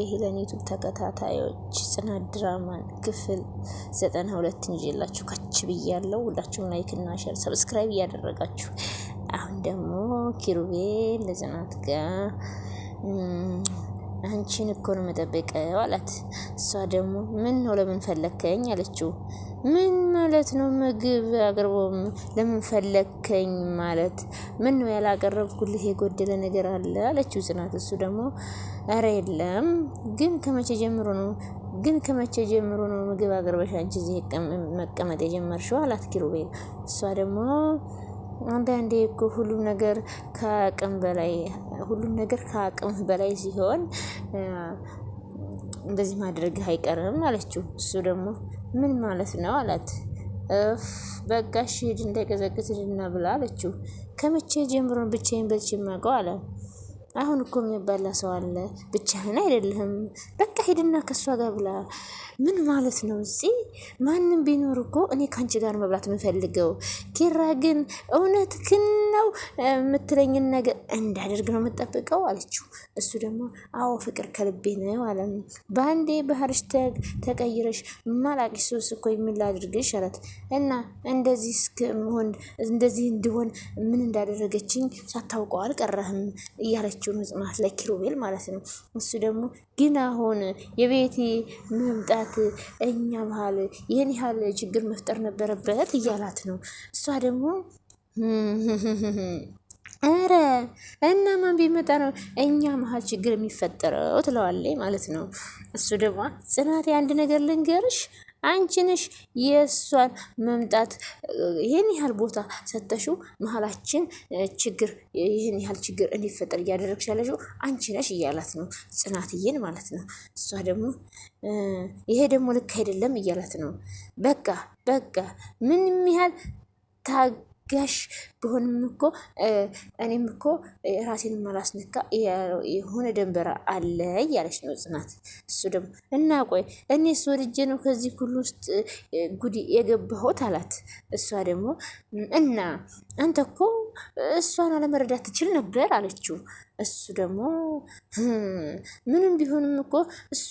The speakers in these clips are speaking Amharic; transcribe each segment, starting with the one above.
የሄለን ዩቱብ ተከታታዮች ጽናት ድራማን ክፍል ዘጠና ሁለትን ይዤላችሁ ከች ብያለሁ። ሁላችሁም ላይክ እና ሸር ሰብስክራይብ እያደረጋችሁ አሁን ደግሞ ኪሩቤ ለጽናት ጋር አንቺን እኮ ነው መጠበቀው አላት። እሷ ደግሞ ምን ነው ለምን ፈለከኝ አለችው። ምን ማለት ነው? ምግብ አቅርቦ ለምን ፈለከኝ ማለት ምን ነው? ያላቀረብኩልህ የጎደለ ነገር አለ አለችው ጽናት። እሱ ደግሞ ኧረ የለም፣ ግን ከመቼ ጀምሮ ነው ግን ከመቼ ጀምሮ ነው ምግብ አቅርበሽ አንቺ እዚህ መቀመጥ የጀመርሽው? አላት ኪሩቤል። እሷ ደግሞ አንዳንዴ እኮ ሁሉም ነገር ከአቅም በላይ ሁሉም ነገር ከአቅም በላይ ሲሆን እንደዚህ ማድረግ አይቀርም አለችው። እሱ ደግሞ ምን ማለት ነው አላት። በቃ እሺ ሂድ እንዳይቀዘቅዝ ሂድና ብላ አለችው። ከመቼ ጀምሮ ብቻዬን በልቼ የማውቀው አለ። አሁን እኮ የሚባላ ሰው አለ። ብቻህን አይደለህም። በቃ ሄድና ከእሷ ጋር ብላ። ምን ማለት ነው? እዚህ ማንም ቢኖር እኮ እኔ ከአንቺ ጋር መብላት የምፈልገው ኪራ ግን እውነት ክናው የምትለኝን ነገር እንዳደርግ ነው የምጠብቀው አለችው። እሱ ደግሞ አዎ ፍቅር ከልቤ ነው አለ። በአንዴ ባህርሽ ተቀይረሽ ማላቂ ሱስ እኮ የምላድርግሽ አላት። እና እንደዚህ እስከመሆን እንደዚህ እንድሆን ምን እንዳደረገችኝ ሳታውቀው አልቀረህም እያለች የሰጠችው ምጽናት ለኪሩቤል ማለት ነው። እሱ ደግሞ ግን አሁን የቤቲ መምጣት እኛ መሀል ይህን ያህል ችግር መፍጠር ነበረበት እያላት ነው። እሷ ደግሞ ኧረ እና ማን ቢመጣ ነው እኛ መሀል ችግር የሚፈጠረው ትለዋለች ማለት ነው። እሱ ደግሞ ጽናት አንድ ነገር ልንገርሽ አንቺንሽ የእሷን መምጣት ይህን ያህል ቦታ ሰተሽው መሀላችን ችግር ይህን ያህል ችግር እንዲፈጠር እያደረግሽ ያለሽው አንቺነሽ እያላት ነው ጽናትዬን ማለት ነው። እሷ ደግሞ ይሄ ደግሞ ልክ አይደለም እያላት ነው። በቃ በቃ ምንም ያህል ጋሽ ቢሆንም እኮ እኔም እኮ ራሴን ማላስነካ የሆነ ደንበራ አለ እያለች ነው ጽናት። እሱ ደግሞ እና ቆይ እኔ እሱ ወድጄ ነው ከዚህ ሁሉ ውስጥ ጉድ የገባሁት አላት። እሷ ደግሞ እና አንተ እኮ እሷን አለመረዳት ትችል ነበር አለችው። እሱ ደግሞ ምንም ቢሆንም እኮ እሷ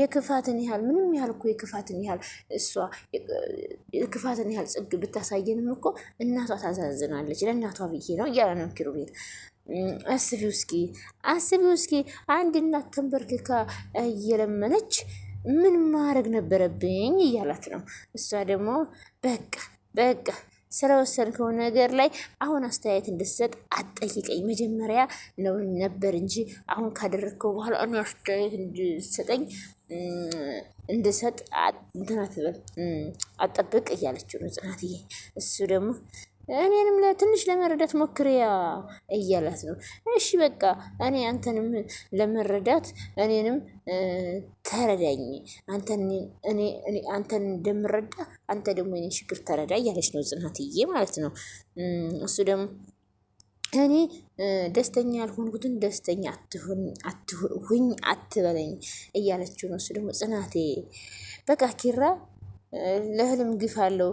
የክፋትን ያህል ምንም ያህል እኮ የክፋትን ያህል እሷ የክፋትን ያህል ጽግ ብታሳየንም እኮ እናቷ ታሳዝናለች፣ ለእናቷ ብዬ ነው እያለ ነው ኪሩቤል። አስቢው እስኪ አስቢው እስኪ አንድ እናት ተንበርክካ እየለመነች ምን ማድረግ ነበረብኝ እያላት ነው። እሷ ደግሞ በቃ በቃ ስለወሰድከው ነገር ላይ አሁን አስተያየት እንድትሰጥ አትጠይቀኝ። መጀመሪያ ነው ነበር እንጂ አሁን ካደረግከው በኋላ እኔ አስተያየት እንድትሰጠኝ እንድሰጥ እንትን አትበል፣ አትጠብቅ እያለችው ነው ጽናትዬ። እሱ ደግሞ እኔንም ትንሽ ለመረዳት ሞክሪያ እያላት ነው። እሺ በቃ እኔ አንተንም ለመረዳት እኔንም ተረዳኝ፣ አንተን እንደምረዳ አንተ ደግሞ የኔ ችግር ተረዳ እያለች ነው ጽናትዬ ማለት ነው። እሱ ደግሞ እኔ ደስተኛ ያልሆንኩትን ደስተኛ አትሁኝ አትበለኝ እያለችው ነው። እሱ ደግሞ ጽናቴ በቃ ኪራ ለህልም ግፍ አለው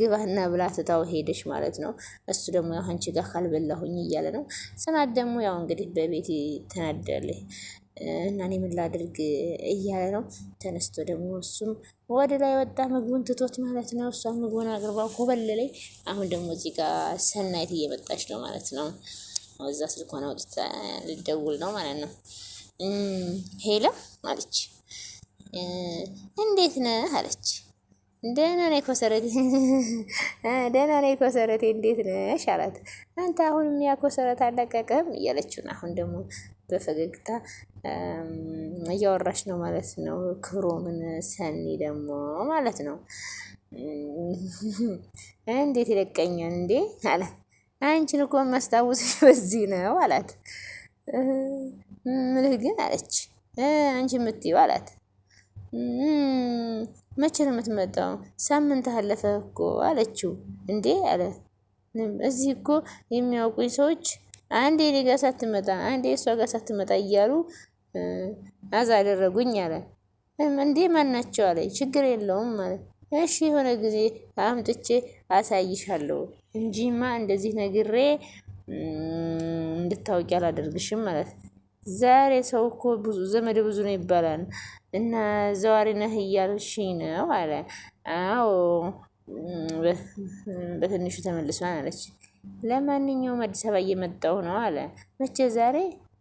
ግባህና ብላ ትታው ሄደች ማለት ነው። እሱ ደግሞ ያው አንቺ ጋር ካልበላሁኝ እያለ ነው። ጽናት ደግሞ ያው እንግዲህ በቤት ትናደለች እና እኔ ምን ላድርግ እያለ ነው። ተነስቶ ደግሞ እሱም ወደ ላይ ወጣ ምግቡን ትቶት ማለት ነው። እሷ ምግቡን አቅርባ ኮበለለኝ። አሁን ደግሞ እዚህ ጋር ሰናይት እየመጣች ነው ማለት ነው። እዛ ስልኳን አውጥታ ልደውል ነው ማለት ነው። ሄሎ አለች። እንዴት ነህ አለች። ደህና ነኝ ኮሰረቴ፣ ደህና ነኝ ኮሰረቴ፣ እንዴት ነሽ አላት። አንተ አሁንም ያ ኮሰረት አለቀቀም እያለችውን፣ አሁን ደግሞ በፈገግታ እያወራች ነው ማለት ነው። ክብሮምን ሰኒ ደግሞ ማለት ነው እንዴት ይለቀኛል እንዴ አለ። አንቺን እኮ ማስታወስሽ በዚህ ነው አላት። ምልህ ግን አለች አንቺ የምትይው አላት መቼ ነው የምትመጣው? ሳምንት አለፈ እኮ አለችው። እንዴ አለ እዚህ እኮ የሚያውቁኝ ሰዎች አንዴ እኔ ጋር ሳትመጣ አንዴ እሷ ጋር ሳትመጣ እያሉ አዛ አደረጉኝ አለ። እንዴ ማናቸው አለ። ችግር የለውም ማለት እሺ የሆነ ጊዜ አምጥቼ አሳይሻለሁ እንጂማ እንደዚህ ነግሬ እንድታወቂ አላደርግሽም ማለት ዛሬ ሰው እኮ ብዙ ዘመድ ብዙ ነው ይባላል። እና ዘዋሪ ነህ እያልሽኝ ነው አለ። አዎ በትንሹ ተመልሷል አለች። ለማንኛውም አዲስ አበባ እየመጣሁ ነው አለ። መቼ? ዛሬ።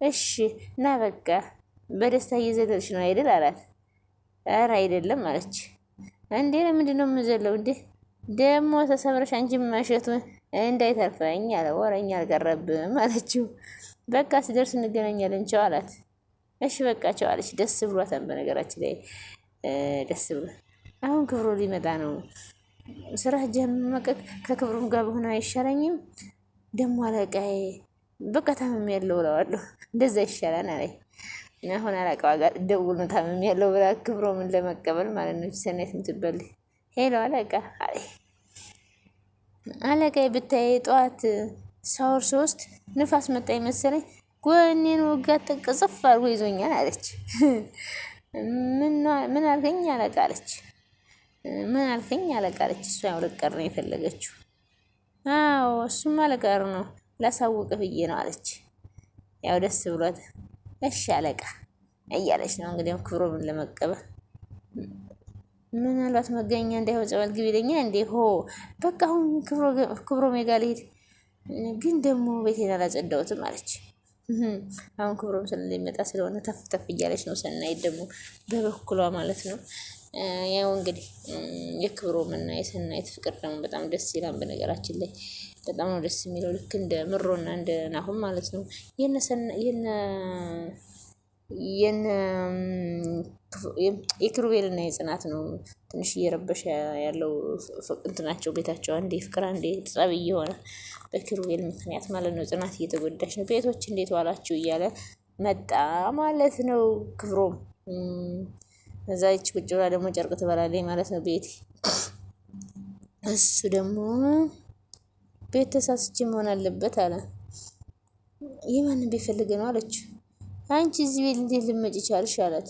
እሺ እና በቃ በደስታ እየዘለልሽ ነው አይደል አላት። ኧረ አይደለም አለች። እንዴ ለምንድን ነው የምዘለው? እንዴ ደግሞ ተሰብረሽ አንቺ ማሸቱ እንዳይተርፈኝ አለ። ወረኛ አልቀረብም አለችው። በቃ ስደርስ እንገናኛለን ቸው አላት። እሺ በቃቸው አለች። ደስ ብሏታል። በነገራችን ላይ ደስ ብሎ አሁን ክብሩ ሊመጣ ነው። ስራ ጀመቀቅ ከክብሩም ጋር ብሆን አይሻለኝም? ደሞ አለቃዬ በቃ ታምም ያለው ብለዋለሁ። እንደዛ ይሻላል አለ። አሁን አለቃዋ ጋር ደውል ነው ታምም ያለው ብላ ምን ለመቀበል ማለት ነው። ሰናይት ምትበል ሄሎ አለቃ አለ። አለቃዬ ብታይ ጠዋት ሳወር ሶስት ንፋስ መጣ መሰለኝ ጎኔን ወጋት ተንቀጽፍ አርጎ ይዞኛል አለች። ምን አልከኝ አለቃለች። ምን አልከኝ አለቃለች። አለች። እሷ ያው ለቀር ነው የፈለገችው። አዎ እሱማ ለቀር ነው ላሳውቅ ብዬ ነው አለች። ያው ደስ ብሏት እሺ አለቃ እያለች ነው እንግዲህ ክብሮ ምን ለመቀበል ምናልባት መገኛ እንዳይሆን ጸበል ግቢ ለኛ እንዴ ሆ በቃ አሁን ክብሮ ሜጋ ልሄድ ግን ደግሞ ቤቴን አላጸዳሁትም አለች። አሁን ክብሮም ስለሚመጣ ስለሆነ ተፍ እያለች ነው። ሰናይት ደግሞ በበኩሏ ማለት ነው። ያው እንግዲህ እና የሰናይት ፍቅር ደግሞ በጣም ደስ ይላል። በነገራችን ላይ በጣም ነው ደስ የሚለው ልክ እንደ ምሮና እንደ ናሁም ማለት ነው የነ የክሩቤልና የጽናት ነው ትንሽ እየረበሸ ያለው እንትናቸው ቤታቸው አንዴ ፍቅር አንዴ ጸብ እየሆነ በክሩቤል ምክንያት ማለት ነው። ጽናት እየተጎዳች ነው። ቤቶች እንዴት ዋላችሁ እያለ መጣ ማለት ነው። ክብሮም እዛች ቁጭ ብላ ደግሞ ጨርቅ ትበላለች ማለት ነው። ቤት እሱ ደግሞ ቤት ተሳስቼ መሆን አለበት አለ። ይህ ቤት ፈልገ ነው አለችው። አንቺ እዚህ ቤት እንዴት ልመጭ ይቻልሽ? አላት።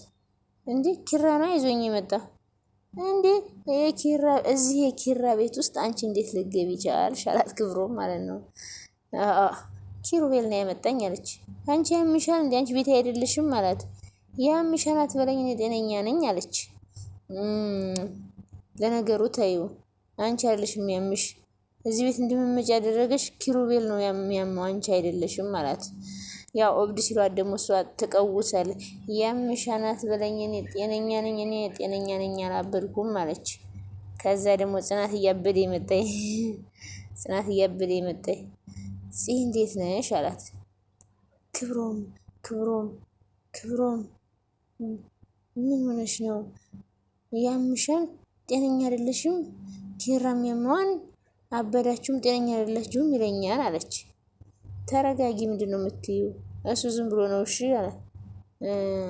እንዴ ኪራ ነው ይዞኝ የመጣ እንዴ የኪራ እዚህ የኪራ ቤት ውስጥ አንቺ እንዴት ልገቢ ይቻልሽ? አላት። ክብሮም ማለት ነው ኪሩቤል ነው ያመጣኝ አለች። አንቺ ያምሻል እንዴ አንቺ ቤት አይደለሽም? አላት። ያምሻል አትበለኝ፣ እኔ ጤነኛ ነኝ አለች። ለነገሩ ታዩ አንቺ አይደለሽም ያምሽ፣ እዚህ ቤት እንድመመጭ ያደረገሽ ኪሩቤል ነው የሚያመው፣ አንቺ አይደለሽም አላት። ያው እብድ ሲሏት ደግሞ እሷ ተቀውሰል ያምሻናት በለኝ እኔ ጤነኛ ነኝ፣ እኔ ጤነኛ ነኝ አላበድኩም አለች። ከዛ ደግሞ ጽናት እያበደ የመጣይ ጽናት እያበደ የመጣይ ጽህ እንዴት ነሽ አላት። ክብሮም ክብሮም ክብሮም ምን ሆነሽ ነው ያምሻል? ጤነኛ አይደለሽም? ኪራም ያመዋን አበዳችሁም ጤነኛ አይደላችሁም ይለኛል አለች። ተረጋጊ፣ ምንድን ነው የምትይው? እሱ ዝም ብሎ ነው እሺ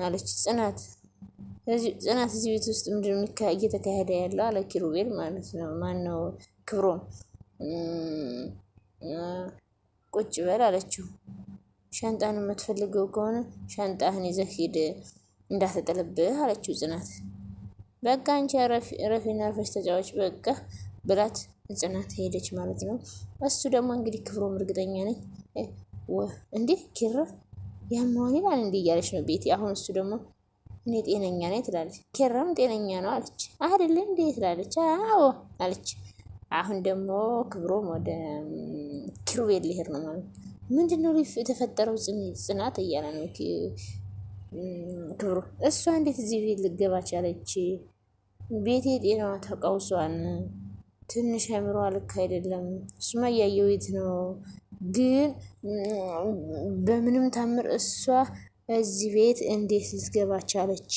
አለች ጽናት። ጽናት እዚህ ቤት ውስጥ ምንድን ነው እየተካሄደ ያለው አለ ኪሩቤል ማለት ነው። ማን ነው ክብሮም። ቁጭ በል አለችው። ሻንጣን የምትፈልገው ከሆነ ሻንጣህን ይዘህ ሂድ እንዳትጥልብህ አለችው ጽናት። በቃ አንቺ ረፊና ረፈሽ ተጫዋች በቃ ብላት ጽናት ሄደች ማለት ነው። እሱ ደግሞ እንግዲህ ክብሮም እርግጠኛ ነኝ እንዴ ኪራ ያመሆን ይላል እንዴ እያለች ነው ቤቲ። አሁን እሱ ደግሞ እኔ ጤነኛ ነኝ ትላለች። ኪራም ጤነኛ ነው አለች። አይደለ እንዴ ትላለች። አዎ አለች። አሁን ደግሞ ክብሮም ወደ ኪሩቤል ሊሄድ ነው ማለት ምንድነው የተፈጠረው ጽናት እያለ ነው ክብሮ። እሷ እንዴት እዚህ ቤት ልገባ ቻለች? ቤቴ ጤናዋ ተቃውሷን፣ ትንሽ አይምሮ ልክ አይደለም። እሱማ እያየው የት ነው ግን በምንም ታምር እሷ እዚህ ቤት እንዴት ልትገባ ቻለች?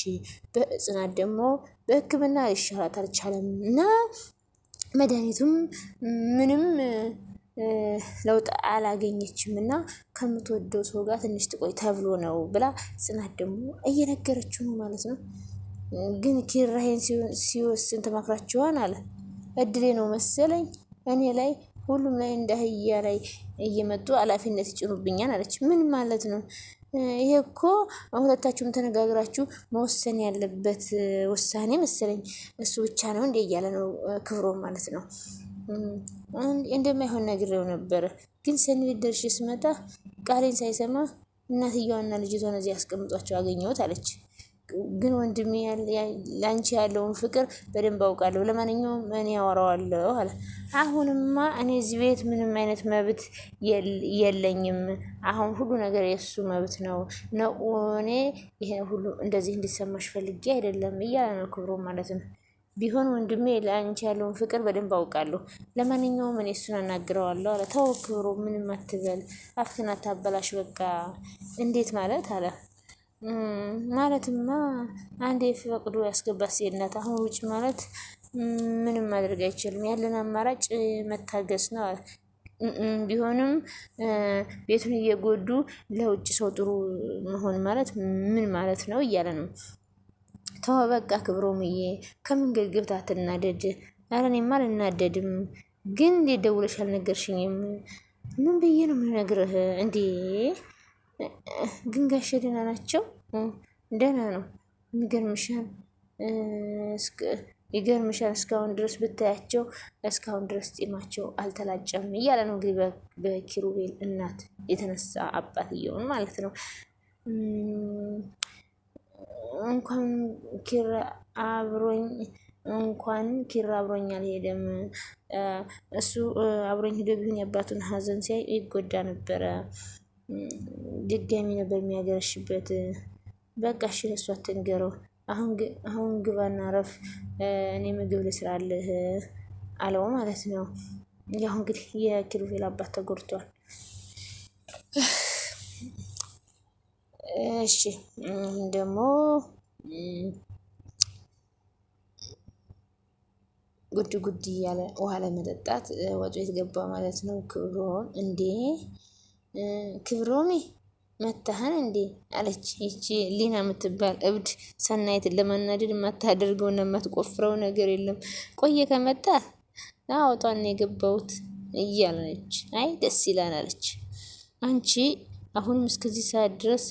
በጽናት ደግሞ በሕክምና ሊሻላት አልቻለም እና መድኃኒቱም ምንም ለውጥ አላገኘችም እና ከምትወደው ሰው ጋር ትንሽ ጥቆይ ተብሎ ነው ብላ ጽናት ደግሞ እየነገረችው ነው ማለት ነው። ግን ኪራሄን ሲወስን ተማክራችኋን አለ እድሌ ነው መሰለኝ እኔ ላይ ሁሉም ላይ እንደ አህያ ላይ እየመጡ ኃላፊነት ይጭኑብኛል አለች። ምን ማለት ነው? ይሄ እኮ ሁለታችሁም ተነጋግራችሁ መወሰን ያለበት ውሳኔ መሰለኝ። እሱ ብቻ ነው እንዴ እያለ ነው ክብሮ ማለት ነው። እንደማይሆን ነግሬው ነበረ፣ ግን ሰኒ ቤት ደርሼ ስመጣ ቃሌን ሳይሰማ እናትየዋና ልጅቷን እዚህ ያስቀምጧቸው አገኘሁት አለች። ግን ወንድሜ ለአንቺ ያለውን ፍቅር በደንብ አውቃለሁ። ለማንኛውም እኔ ያወራዋለሁ አለ። አሁንማ እኔ እዚህ ቤት ምንም አይነት መብት የለኝም። አሁን ሁሉ ነገር የእሱ መብት ነው ነው እኔ ይሄ ሁሉ እንደዚህ እንዲሰማሽ ፈልጌ አይደለም እያለ ነው ክብሮ ማለት ነው። ቢሆን ወንድሜ ለአንቺ ያለውን ፍቅር በደንብ አውቃለሁ። ለማንኛውም እኔ እሱን አናግረዋለሁ አለ። ተው ክብሮ፣ ምንም አትበል፣ አፍህን አታበላሽ። በቃ እንዴት ማለት አለ ማለትማ አንዴ ፈቅዶ ያስገባት ሴት አሁን ውጭ ማለት ምንም ማድረግ አይችልም። ያለን አማራጭ መታገስ ነው። ቢሆንም ቤቱን እየጎዱ ለውጭ ሰው ጥሩ መሆን ማለት ምን ማለት ነው እያለ ነው። ተወ በቃ ክብሮምዬ፣ ከምን ገብታ አትናደድ። ኧረ እኔማ አልናደድም፣ ግን እንዴት ደውለሽ አልነገርሽኝም? ምን ብዬ ነው የምነግርህ እንዴ? ግን ጋሼ ደህና ናቸው? ደህና ነው። ይገርምሻል ይገርምሻል እስካሁን ድረስ ብታያቸው እስካሁን ድረስ ጢማቸው አልተላጨም እያለ ነው እንግዲህ በኪሩቤል እናት የተነሳ አባትየውን ማለት ነው። እንኳን ኪራ አብሮኝ እንኳን ኪራ አብሮኝ አልሄደም። እሱ አብሮኝ ሄዶ ቢሆን የአባቱን ሀዘን ሲያይ ይጎዳ ነበረ። ድጋሚ ነው በሚያገረሽበት። በቃ እሺ ለእሷ ትንገረው። አሁን ግባና ረፍ፣ እኔ ምግብ ልስራልህ አለው ማለት ነው። ያሁ እንግዲህ የኪሩቤል አባት ተጎድቷል። እሺ ደግሞ ጉድ ጉድ እያለ ውሃ ለመጠጣት ወጡ የተገባ ማለት ነው ክብሮን እንዴ ክብሮሜ መታህን እንዴ አለች። ይቺ ሊና የምትባል እብድ ሰናይትን ለመናደድ የማታደርገውና የማትቆፍረው ነገር የለም። ቆየ ከመጣ አወጧን የገባውት እያለች አይ ደስ ይላል አለች። አንቺ አሁንም እስከዚህ ሰዓት ድረስ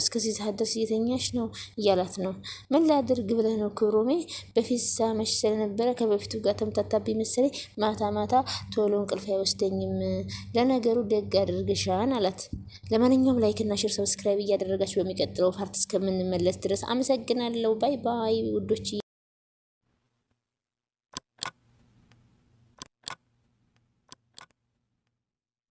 እስከዚህ ሰዓት ድረስ እየተኛሽ ነው እያላት ነው። ምን ላድርግ ብለህ ነው ክብሮሜ? በፊት ሳመሽ ስለነበረ ከበፊቱ ጋር ተምታታቢ መሰለኝ። ማታ ማታ ቶሎ እንቅልፍ አይወስደኝም። ለነገሩ ደግ አድርግሻን አላት። ለማንኛውም ላይክና ሼር፣ ሰብስክራይብ እያደረጋችሁ በሚቀጥለው ፓርት እስከምንመለስ ድረስ አመሰግናለሁ። ባይ ባይ ውዶች።